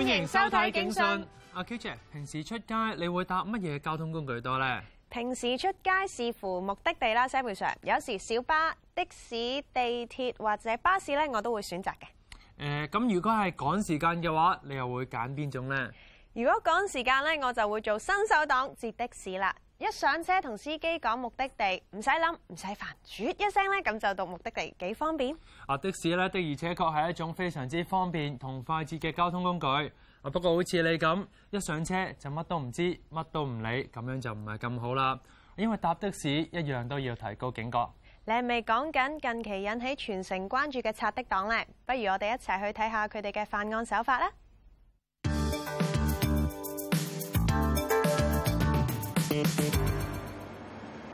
歡迎收睇《警訊》。阿 Kit，平時出街你會搭乜嘢交通工具多咧？平時出街視乎目的地啦，基本上有時小巴、的士、地鐵或者巴士咧，我都會選擇嘅。誒、呃，咁如果係趕時間嘅話，你又會揀邊種咧？如果趕時間咧，我就會做新手檔截的士啦。一上車同司機講目的地，唔使諗，唔使煩，轉一聲咧咁就到目的地，幾方便？啊，的士咧的而且確係一種非常之方便同快捷嘅交通工具。啊，不過好似你咁，一上車就乜都唔知，乜都唔理，咁樣就唔係咁好啦。因為搭的士一樣都要提高警覺。你係咪講緊近期引起全城關注嘅賊的黨呢？不如我哋一齊去睇下佢哋嘅犯案手法啦。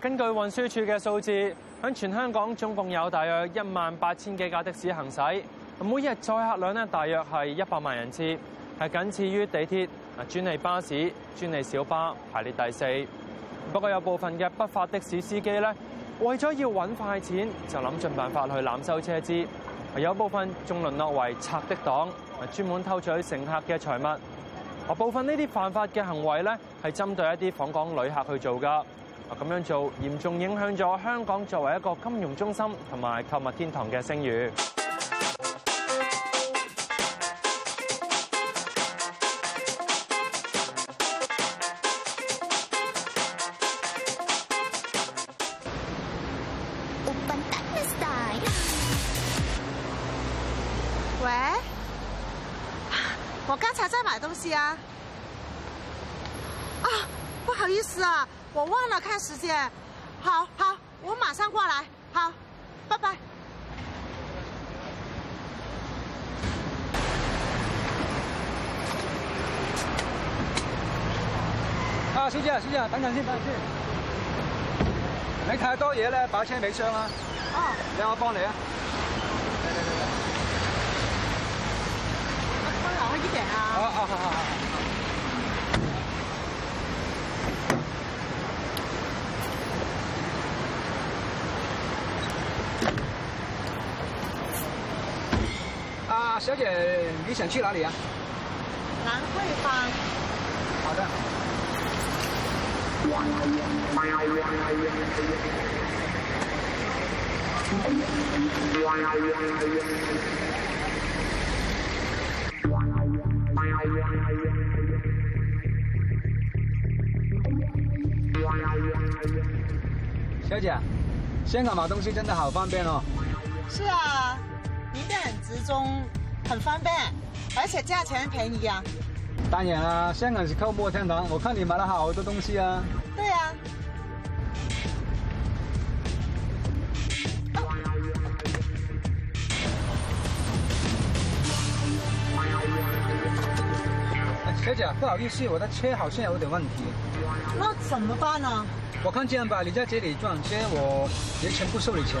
根據運輸署嘅數字，響全香港總共有大約一萬八千幾架的士行駛，每日載客量咧大約係一百萬人次，係僅次於地鐵、專利巴士、專利小巴，排列第四。不過有部分嘅不法的士司機咧，為咗要揾快錢，就諗盡辦法去濫收車資，有部分仲淪落為賊的黨，專門偷取乘客嘅財物。部分呢啲犯法嘅行為咧，係針對一啲訪港旅客去做噶。啊，咁樣做嚴重影響咗香港作為一個金融中心同埋購物天堂嘅聲譽。意思啊，我忘了看時間，好好，我馬上過來，好，拜拜。啊，小姐，小姐，等等先，等等先。你太多嘢咧，擺車尾箱啦。啊。讓我幫你啊。啊啊啊啊！小姐，你想去哪裡啊？蘭桂坊。好的。的小姐，香港買東西真的好方便哦。是啊，你件很集中。很方便，而且價錢便宜啊！當然啦，香港是購物天堂，我看你買了好多東西啊。對呀、啊哦哎。小姐，不好意思，我的車好像有點問題。那怎麼辦呢？我看這樣吧，你在這裏逛街，我完全不收你錢。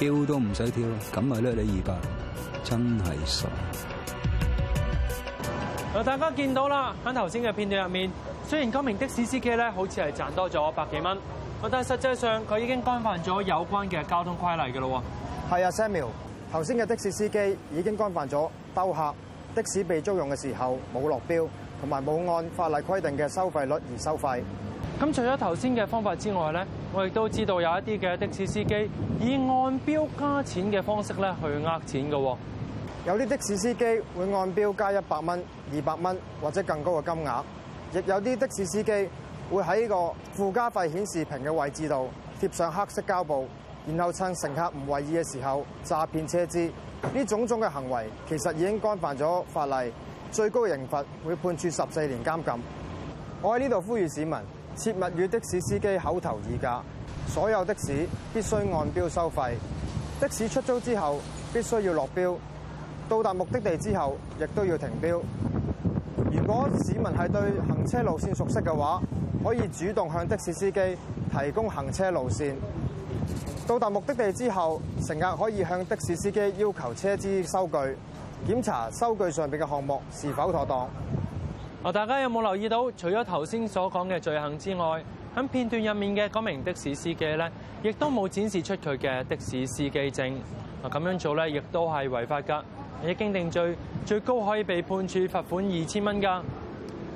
跳都唔使跳，咁咪甩你二百，真係傻！啊，大家見到啦，喺頭先嘅片段入面，雖然嗰名的士司機咧好似係賺多咗百幾蚊，但係實際上佢已經干犯咗有關嘅交通規例嘅咯。係啊，Samuel，頭先嘅的士司機已經干犯咗兜客、的士被租用嘅時候冇落錶，同埋冇按法例規定嘅收費率而收費。咁除咗頭先嘅方法之外咧，我亦都知道有一啲嘅的士司機以按標加錢嘅方式咧去呃錢嘅、哦。有啲的士司機會按標加一百蚊、二百蚊或者更高嘅金額，亦有啲的士司機會喺個附加費顯示屏嘅位置度貼上黑色膠布，然後趁乘客唔為意嘅時候詐騙車資。呢種種嘅行為其實已經干犯咗法例，最高刑罰會判處十四年監禁。我喺呢度呼籲市民。切勿與的士司機口頭議價，所有的士必須按錶收費。的士出租之後必須要落錶，到達目的地之後亦都要停錶。如果市民係對行車路線熟悉嘅話，可以主動向的士司機提供行車路線。到達目的地之後，乘客可以向的士司機要求車資收據，檢查收據上面嘅項目是否妥當。啊！大家有冇留意到？除咗頭先所講嘅罪行之外，喺片段入面嘅嗰名的士司機呢，亦都冇展示出佢嘅的，的士司機證。啊，咁樣做呢，亦都係違法噶。一經定罪，最高可以被判處罰款二千蚊噶。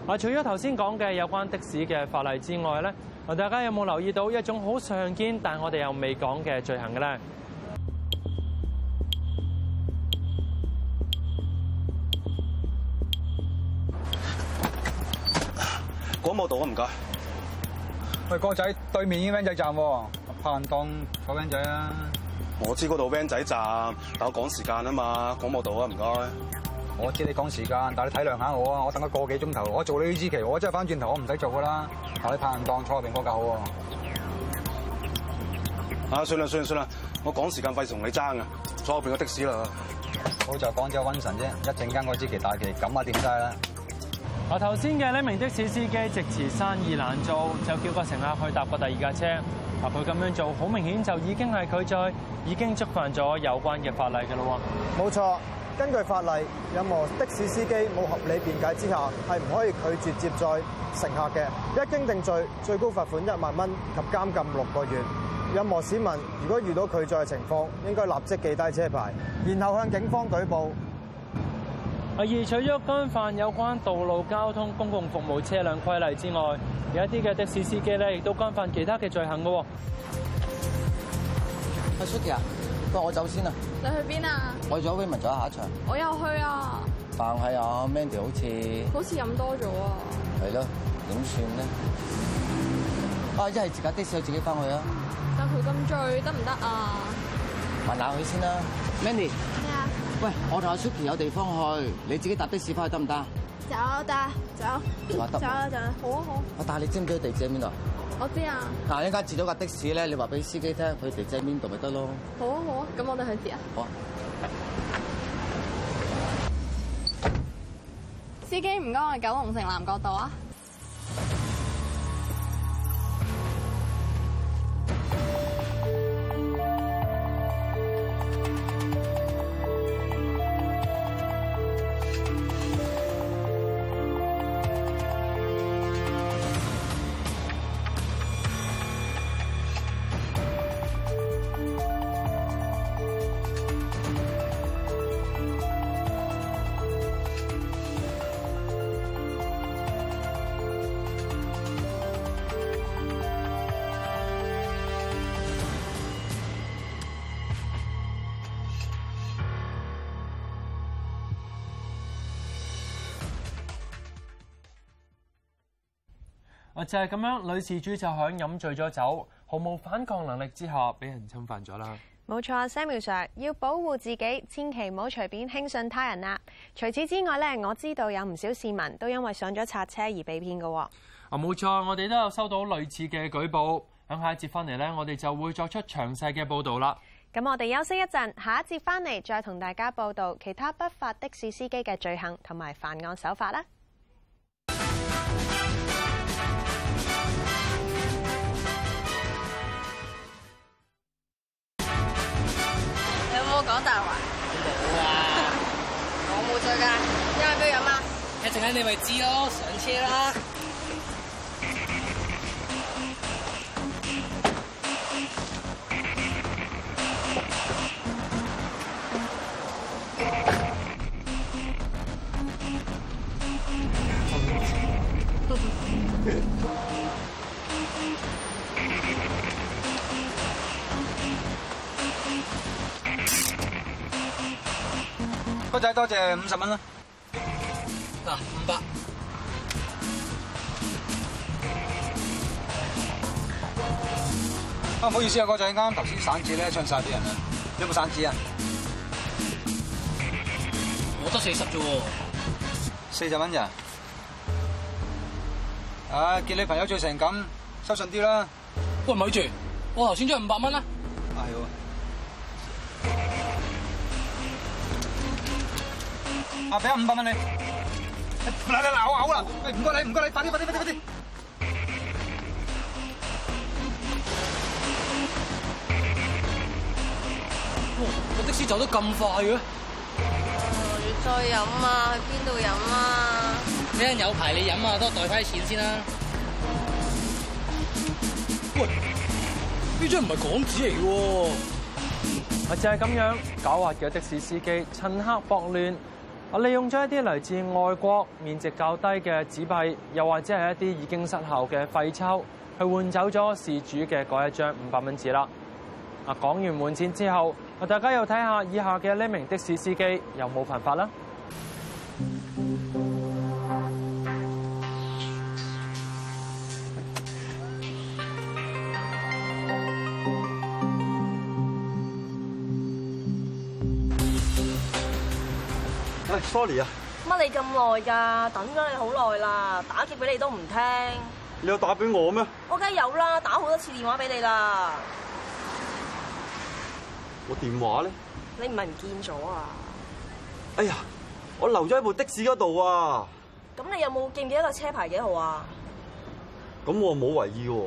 啊，除咗頭先講嘅有關的士嘅法例之外呢，大家有冇留意到一種好常見，但我哋又未講嘅罪行嘅呢？廣播道啊，唔該。謝謝喂，哥仔，對面呢 van 仔站喎，拍人檔嗰 van 仔啊。我知嗰度 van 仔站，但我趕時間啊嘛，廣播道啊，唔該。我知你趕時間，但係你體諒下我啊，我等個個幾鐘頭，我做你呢支旗，我真係翻轉頭，我唔使做噶啦。你拍人檔坐入邊個好喎。啊，算啦算啦算啦，我趕時間費事同你爭啊。坐入邊個的士啦。好在講咗瘟神啫，一陣間支旗大旗，咁啊點齋啦。我頭先嘅呢名的士司機藉詞生意難做，就叫個乘客去搭個第二架車。啊，佢咁樣做好明顯就已經係拒載已經觸犯咗有關嘅法例嘅咯喎。冇錯，根據法例，任何的士司機冇合理辯解之下，係唔可以拒絕接載乘客嘅。一經定罪，最高罰款一萬蚊及監禁六個月。任何市民如果遇到拒載嘅情況，應該立即記低車牌，然後向警方舉報。而除咗干犯有關道路交通公共服務車輛規例之外，有一啲嘅的士司機咧，亦都干犯其他嘅罪行嘅。阿 Suki 啊，不如我走先啊。你去邊啊？我仲有 v i 咗下一場。我又去啊。是去但係啊，Mandy 好似好似飲多咗啊。係咯，點算咧？啊，一係自家的士自己翻去啊。但佢咁醉得唔得啊？問下佢先啦，Mandy 喂，我同阿 Suki 有地方去，你自己搭的士翻去得唔得？走得走，走就，好啊好啊。我但係你知唔知地址喺邊度？我知啊。嗱，一家接到架的士咧，你話俾司機聽，佢地址喺邊度咪得咯？好啊好啊，咁我哋去接啊。好啊。啊司機唔該，啊啊、我、啊、我九龍城南角度啊。就係咁樣，女事主就喺飲醉咗酒、毫無反抗能力之下，俾人侵犯咗啦。冇錯，Samuel sir，要保護自己，千祈唔好隨便輕信他人啦。除此之外咧，我知道有唔少市民都因為上咗賊車而被騙嘅。啊，冇錯，我哋都有收到類似嘅舉報。喺下一節翻嚟咧，我哋就會作出詳細嘅報導啦。咁我哋休息一陣，下一節翻嚟再同大家報導其他不法的士司機嘅罪行同埋犯案手法啦。一係俾人嗎？一直喺你位置咯，上車啦。多謝，謝，五十蚊啦。嗱、啊，五百。啊，唔好意思啊，哥仔，啱啱頭先散紙咧，唱曬啲人。啊。有冇散紙啊？我得四十啫喎。四十蚊咋？啊，見你朋友醉成咁，收順啲啦。喂，唔好住，我頭先追五百蚊啦。係喎、啊。俾我五百蚊你，嗱嗱嗱，我嘔啦！喂，唔該你，唔該你，快啲快啲快啲快啲！哇，個的士走得咁快嘅？要再飲啊？去邊度飲啊？俾人有排你飲啊，都袋翻啲錢先啦。喂，呢張唔係港紙嚟嘅。咪就係咁樣狡猾嘅的士司機，趁黑博亂。我利用咗一啲來自外國面值較低嘅紙幣，又或者係一啲已經失效嘅廢鈔，去換走咗事主嘅嗰一張五百蚊紙啦。啊，講完換錢之後，大家又睇下以下嘅呢名的士司機有冇犯法啦？sorry 啊！乜你咁耐噶？等咗你好耐啦，打極俾你都唔聽。你有打俾我咩？我梗係有啦，打好多次電話俾你啦。我電話咧？你唔係唔見咗啊？哎呀！我留咗喺部的士嗰度啊！咁你有冇記唔記得個車牌幾號啊？咁我冇為意喎。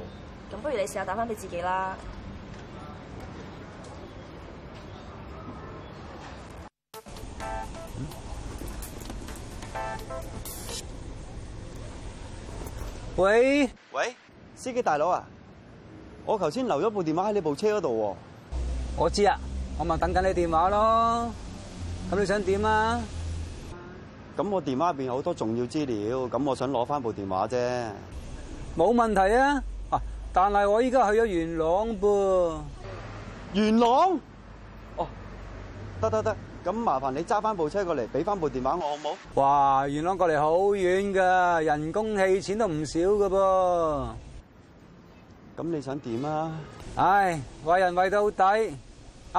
咁不如你試下打返俾自己啦。喂喂，司機大佬啊，我頭先留咗部電話喺你部車嗰度喎。我知啊，我咪等緊你電話咯。咁你想點啊？咁我電話入邊好多重要資料，咁我想攞翻部電話啫。冇問題啊，啊，但係我依家去咗元朗噃。元朗？哦，得得得。咁麻煩你揸翻部車過嚟，俾翻部電話我好唔好？哇，元朗過嚟好遠噶，人工氣錢都唔少噶噃。咁你想點啊？唉，為人為到底。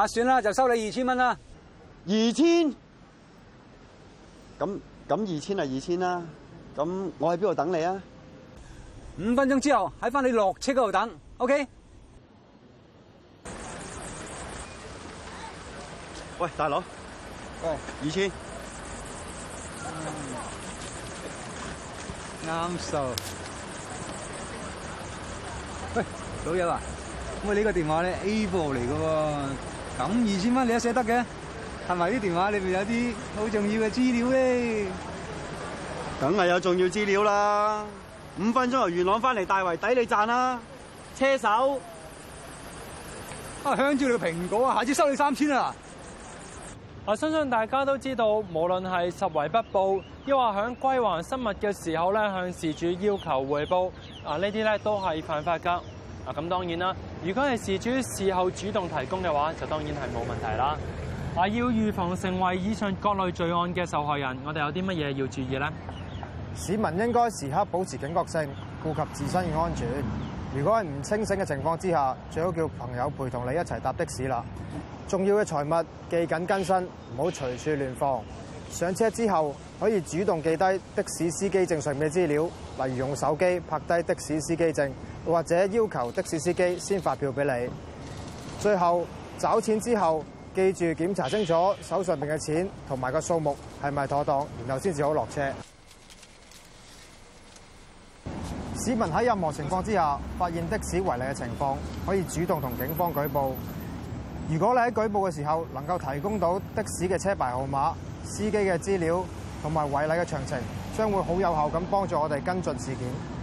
算啦，就收你二千蚊啦。二千？咁咁二千係二千啦。咁我喺邊度等你啊？五分鐘之後喺翻你落車嗰度等。OK。喂，大佬。哦，二千，oh, oh, right. so. hey,，啱數。喂，老友啊，咁我呢個電話咧 A 部嚟嘅喎，咁二千蚊你都捨得嘅？係咪啲電話裏面有啲好重要嘅資料咧？梗係有重要資料啦，五分鐘由元朗翻嚟，mm hmm. 大圍抵你賺啦，mm hmm. mm hmm. 車手。啊、oh,，香蕉你個蘋果啊，hmm. 下次收你三千啊！啊！相信大家都知道，無論係拾遺不報，抑或喺歸還失物嘅時候咧，向事主要求回報，啊呢啲咧都係犯法㗎。啊咁，當然啦，如果係事主事後主動提供嘅話，就當然係冇問題啦。啊，要預防成為以上各類罪案嘅受害人，我哋有啲乜嘢要注意咧？市民應該時刻保持警覺性，顧及自身嘅安全。如果係唔清醒嘅情況之下，最好叫朋友陪同你一齊搭的士啦。重要嘅財物記緊跟身，唔好隨處亂放。上車之後可以主動記低的士司機證上面嘅資料，例如用手機拍低的士司機證，或者要求的士司機先發票俾你。最後找錢之後，記住檢查清楚手上面嘅錢同埋個數目係咪妥當，然後先至好落車。市民喺任何情況之下，發現的士違例嘅情況，可以主動同警方舉報。如果你喺舉報嘅時候能夠提供到的士嘅車牌號碼、司機嘅資料同埋違例嘅詳情，將會好有效咁幫助我哋跟進事件。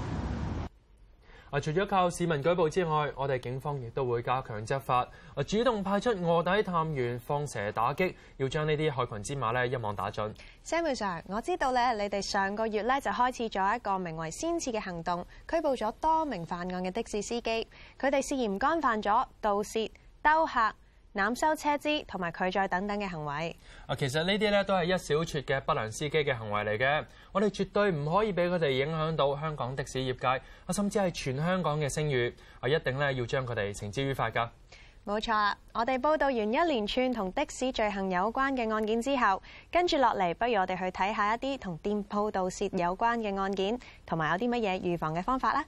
啊！除咗靠市民舉報之外，我哋警方亦都會加強執法，啊主動派出臥底探員放蛇打擊，要將呢啲害群之馬咧一網打盡。Samuel sir，我知道咧，你哋上個月咧就開始咗一個名為先鋒嘅行動，拘捕咗多名犯案嘅的、的士司機，佢哋涉嫌干犯咗盜竊、兜客。濫收車資同埋拒載等等嘅行為啊，其實呢啲咧都係一小撮嘅不良司機嘅行為嚟嘅，我哋絕對唔可以俾佢哋影響到香港的士業界啊，甚至係全香港嘅聲譽啊，我一定咧要將佢哋繩之於法噶。冇錯，我哋報道完一連串同的士罪行有關嘅案件之後，跟住落嚟，不如我哋去睇下一啲同店鋪盜竊有關嘅案件，同埋有啲乜嘢預防嘅方法啦。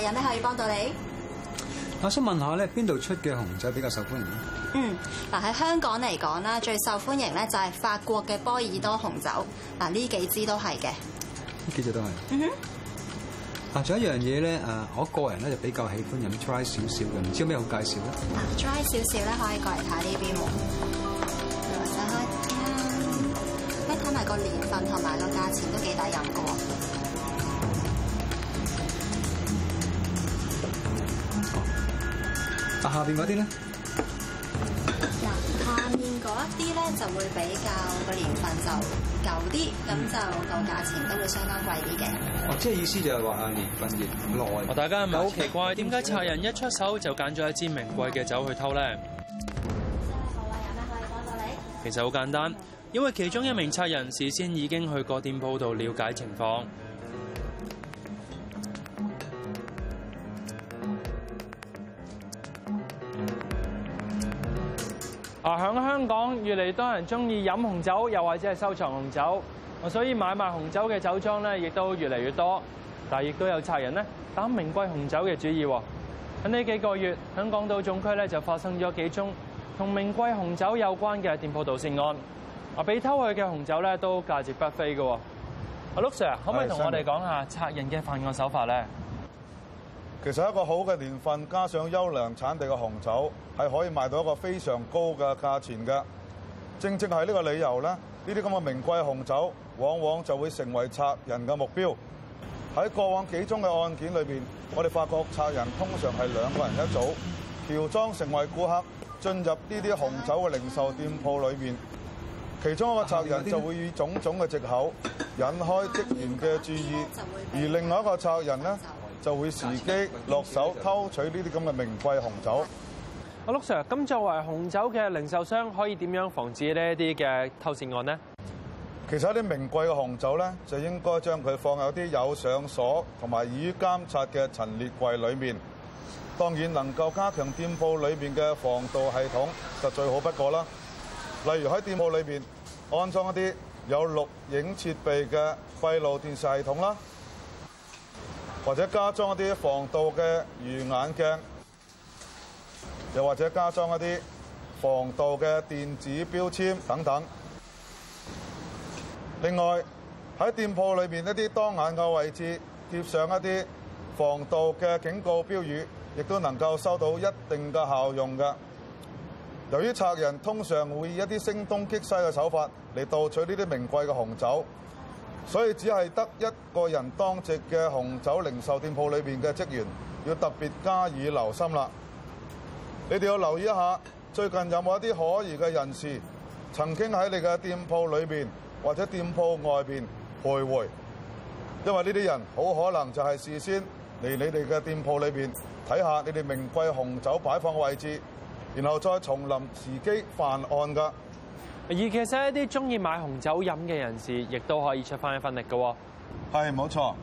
有咩可以幫到你？我想問下咧，邊度出嘅紅酒比較受歡迎咧？嗯，嗱喺香港嚟講啦，最受歡迎咧就係法國嘅波爾多紅酒。嗱呢幾支都係嘅。呢幾隻都係。嗯哼。嗱，仲有一樣嘢咧，誒，我個人咧就比較喜歡飲 dry 少少嘅，唔知有咩好介紹咧？dry 少少咧可以過嚟睇下呢邊喎。再開，咁睇埋個年份同埋個價錢都幾抵飲嘅。下邊嗰啲咧？嗱，下面嗰一啲咧就會比較個年份就舊啲，咁、嗯、就個價錢都會相當貴啲嘅。哦，即係意思就係話年份越耐。大家係咪好奇怪，點解賊人一出手就揀咗一支名貴嘅酒去偷咧？有咩可以幫到你？其實好簡單，因為其中一名賊人事先已經去過店鋪度了解情況。啊！喺香港越嚟越多人中意飲紅酒，又或者係收藏紅酒，所以買賣紅酒嘅酒莊咧，亦都越嚟越多。但係亦都有賊人咧，打名貴紅酒嘅主意。喺呢幾個月，香港島總區咧就發生咗幾宗同名貴紅酒有關嘅店鋪盜竊案。啊，被偷去嘅紅酒咧都價值不菲嘅。阿盧 Sir，可唔可以同我哋講下賊人嘅犯案手法咧？其實是一個好嘅年份，加上優良產地嘅紅酒。係可以賣到一個非常高嘅價錢嘅，正正係呢個理由咧，呢啲咁嘅名貴紅酒往往就會成為賊人嘅目標。喺過往幾宗嘅案件裏面，我哋發覺賊人通常係兩個人一組，喬裝成為顧客進入呢啲紅酒嘅零售店鋪裏面，其中一個賊人就會以種種嘅藉口引開職員嘅注意，而另外一個賊人呢，就會時機落手偷取呢啲咁嘅名貴紅酒。阿陸 Sir，咁作為紅酒嘅零售商，可以點樣防止呢一啲嘅偷竊案呢？其實一啲名貴嘅紅酒咧，就應該將佢放喺啲有上鎖同埋已監察嘅陳列櫃裏面。當然能夠加強店鋪裏面嘅防盜系統就最好不過啦。例如喺店鋪裏邊安裝一啲有錄影設備嘅閉路電視系統啦，或者加裝一啲防盜嘅魚眼鏡。又或者加裝一啲防盜嘅電子標籤等等。另外，喺店鋪裏面一啲當眼嘅位置貼上一啲防盜嘅警告標語，亦都能夠收到一定嘅效用㗎。由於賊人通常會以一啲聲東擊西嘅手法嚟盜取呢啲名貴嘅紅酒，所以只係得一個人當值嘅紅酒零售店鋪裏面嘅職員要特別加以留心啦。你哋要留意一下，最近有冇一啲可疑嘅人士曾經喺你嘅店鋪裏邊或者店鋪外邊徘徊？因為呢啲人好可能就係事先嚟你哋嘅店鋪裏邊睇下你哋名貴紅酒擺放嘅位置，然後再重臨伺機犯案㗎。而其實一啲中意買紅酒飲嘅人士，亦都可以出翻一份力㗎。喎，係冇錯，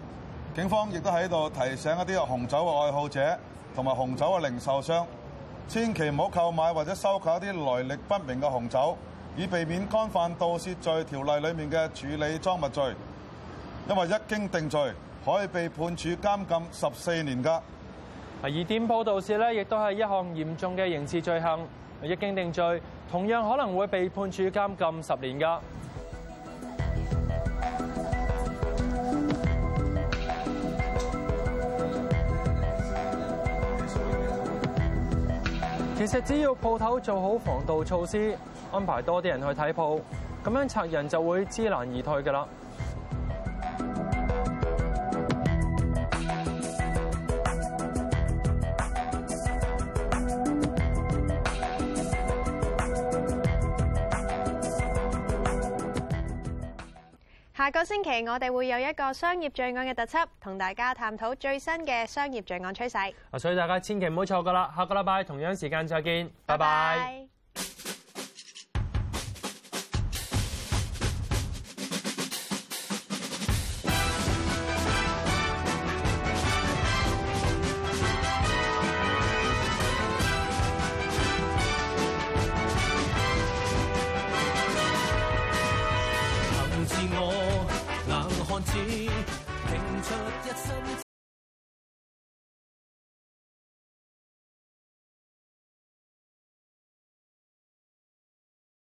警方亦都喺度提醒一啲紅酒嘅愛好者同埋紅酒嘅零售商。千祈唔好購買或者收購一啲來歷不明嘅紅酒，以避免干犯盜竊罪條例裏面嘅處理贓物罪，因為一經定罪，可以被判處監禁十四年㗎。而店鋪盜竊呢，亦都係一項嚴重嘅刑事罪行，一經定罪，同樣可能會被判處監禁十年㗎。其實只要鋪頭做好防盜措施，安排多啲人去睇鋪，咁樣賊人就會知難而退㗎啦。個星期我哋會有一個商業罪案嘅特輯，同大家探討最新嘅商業罪案趨勢。啊，所以大家千祈唔好錯過啦，下個禮拜同樣時間再見，拜拜 bye。Bye bye